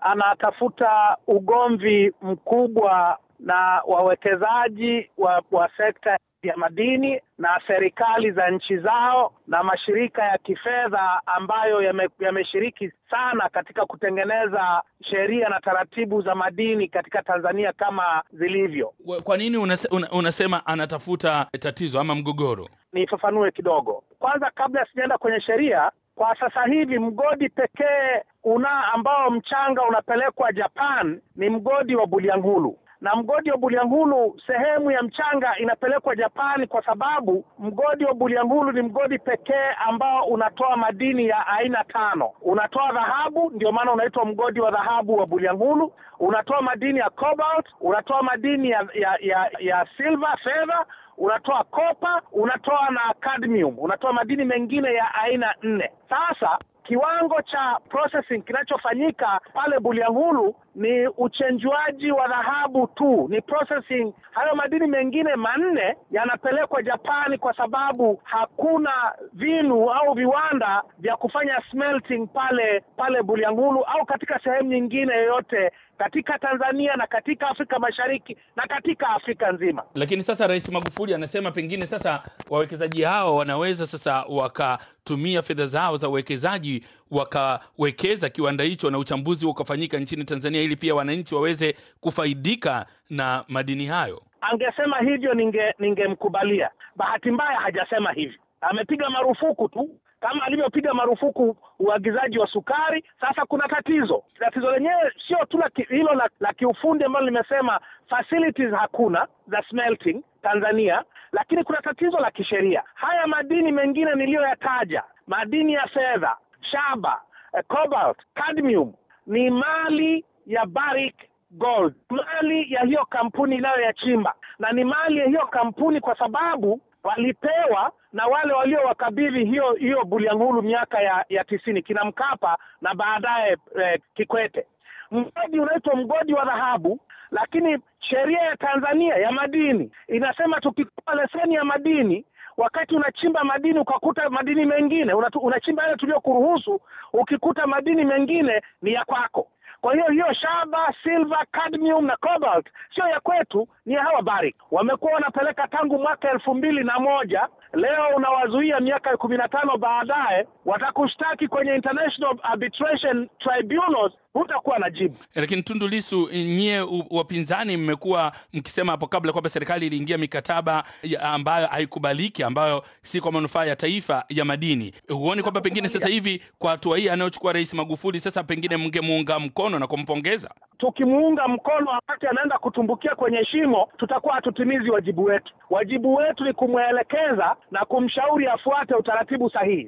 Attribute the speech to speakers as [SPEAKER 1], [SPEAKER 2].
[SPEAKER 1] anatafuta ugomvi mkubwa na wawekezaji wa, wa sekta ya madini na serikali za nchi zao na mashirika ya kifedha ambayo yameshiriki yame sana katika kutengeneza sheria na taratibu za madini katika Tanzania kama zilivyo.
[SPEAKER 2] Kwa nini unase, un, unasema anatafuta tatizo ama mgogoro? Nifafanue kidogo.
[SPEAKER 1] Kwanza kabla sijaenda kwenye sheria, kwa sasa hivi mgodi pekee una ambao mchanga unapelekwa Japan ni mgodi wa Bulyanhulu na mgodi wa Bulyanhulu sehemu ya mchanga inapelekwa Japani kwa sababu mgodi wa Bulyanhulu ni mgodi pekee ambao unatoa madini ya aina tano. Unatoa dhahabu, ndio maana unaitwa mgodi wa dhahabu wa Bulyanhulu. Unatoa madini ya cobalt, unatoa madini ya ya ya, ya silver, fedha unatoa kopa, unatoa na cadmium, unatoa madini mengine ya aina nne. Sasa kiwango cha processing kinachofanyika pale Bulyanhulu ni uchenjuaji wa dhahabu tu, ni processing. Hayo madini mengine manne yanapelekwa Japani kwa sababu hakuna vinu au viwanda vya kufanya smelting pale pale Bulyanhulu au katika sehemu nyingine yoyote katika Tanzania na katika Afrika Mashariki na katika Afrika nzima.
[SPEAKER 2] Lakini sasa Rais Magufuli anasema pengine sasa wawekezaji hao wanaweza sasa waka wakatumia fedha zao za uwekezaji wakawekeza kiwanda hicho, na uchambuzi huo ukafanyika nchini Tanzania ili pia wananchi waweze kufaidika na madini hayo?
[SPEAKER 1] Angesema hivyo, ningemkubalia. Ninge bahati mbaya hajasema hivyo, amepiga marufuku tu kama alivyopiga marufuku uagizaji wa sukari. Sasa kuna tatizo. Tatizo lenyewe sio tu hilo la, la kiufundi ambalo limesema facilities hakuna za smelting Tanzania, lakini kuna tatizo la kisheria. Haya madini mengine niliyoyataja, madini ya fedha, shaba, eh, cobalt, cadmium, ni mali ya Barrick Gold, mali ya hiyo kampuni inayoyachimba na ni mali ya hiyo kampuni kwa sababu walipewa na wale waliowakabidhi hiyo hiyo Bulyanhulu miaka ya ya tisini, kina Mkapa na baadaye eh, Kikwete. Mgodi unaitwa mgodi wa dhahabu, lakini Sheria ya Tanzania ya madini inasema tukikupa leseni ya madini wakati unachimba madini ukakuta madini mengine unachimba yale tuliyokuruhusu, ukikuta madini mengine ni ya kwako. Kwa hiyo hiyo shaba, silver, cadmium na cobalt sio ya kwetu, ni ya hawa Barrick. Wamekuwa wanapeleka tangu mwaka elfu mbili na moja. Leo unawazuia miaka kumi na tano baadaye, watakushtaki kwenye International Arbitration Tribunals, hutakuwa
[SPEAKER 2] na jibu. Eh, lakini Tundu Lisu, nyie wapinzani mmekuwa mkisema hapo kabla kwamba serikali iliingia mikataba ambayo haikubaliki, ambayo si kwa manufaa ya taifa ya madini. Huoni kwamba pengine sasa hivi kwa hatua hii anayochukua Rais Magufuli sasa pengine mngemuunga mkono mkono na kumpongeza.
[SPEAKER 1] Tukimuunga mkono wakati anaenda kutumbukia kwenye shimo, tutakuwa hatutimizi wajibu wetu. Wajibu wetu ni kumwelekeza na kumshauri afuate utaratibu sahihi.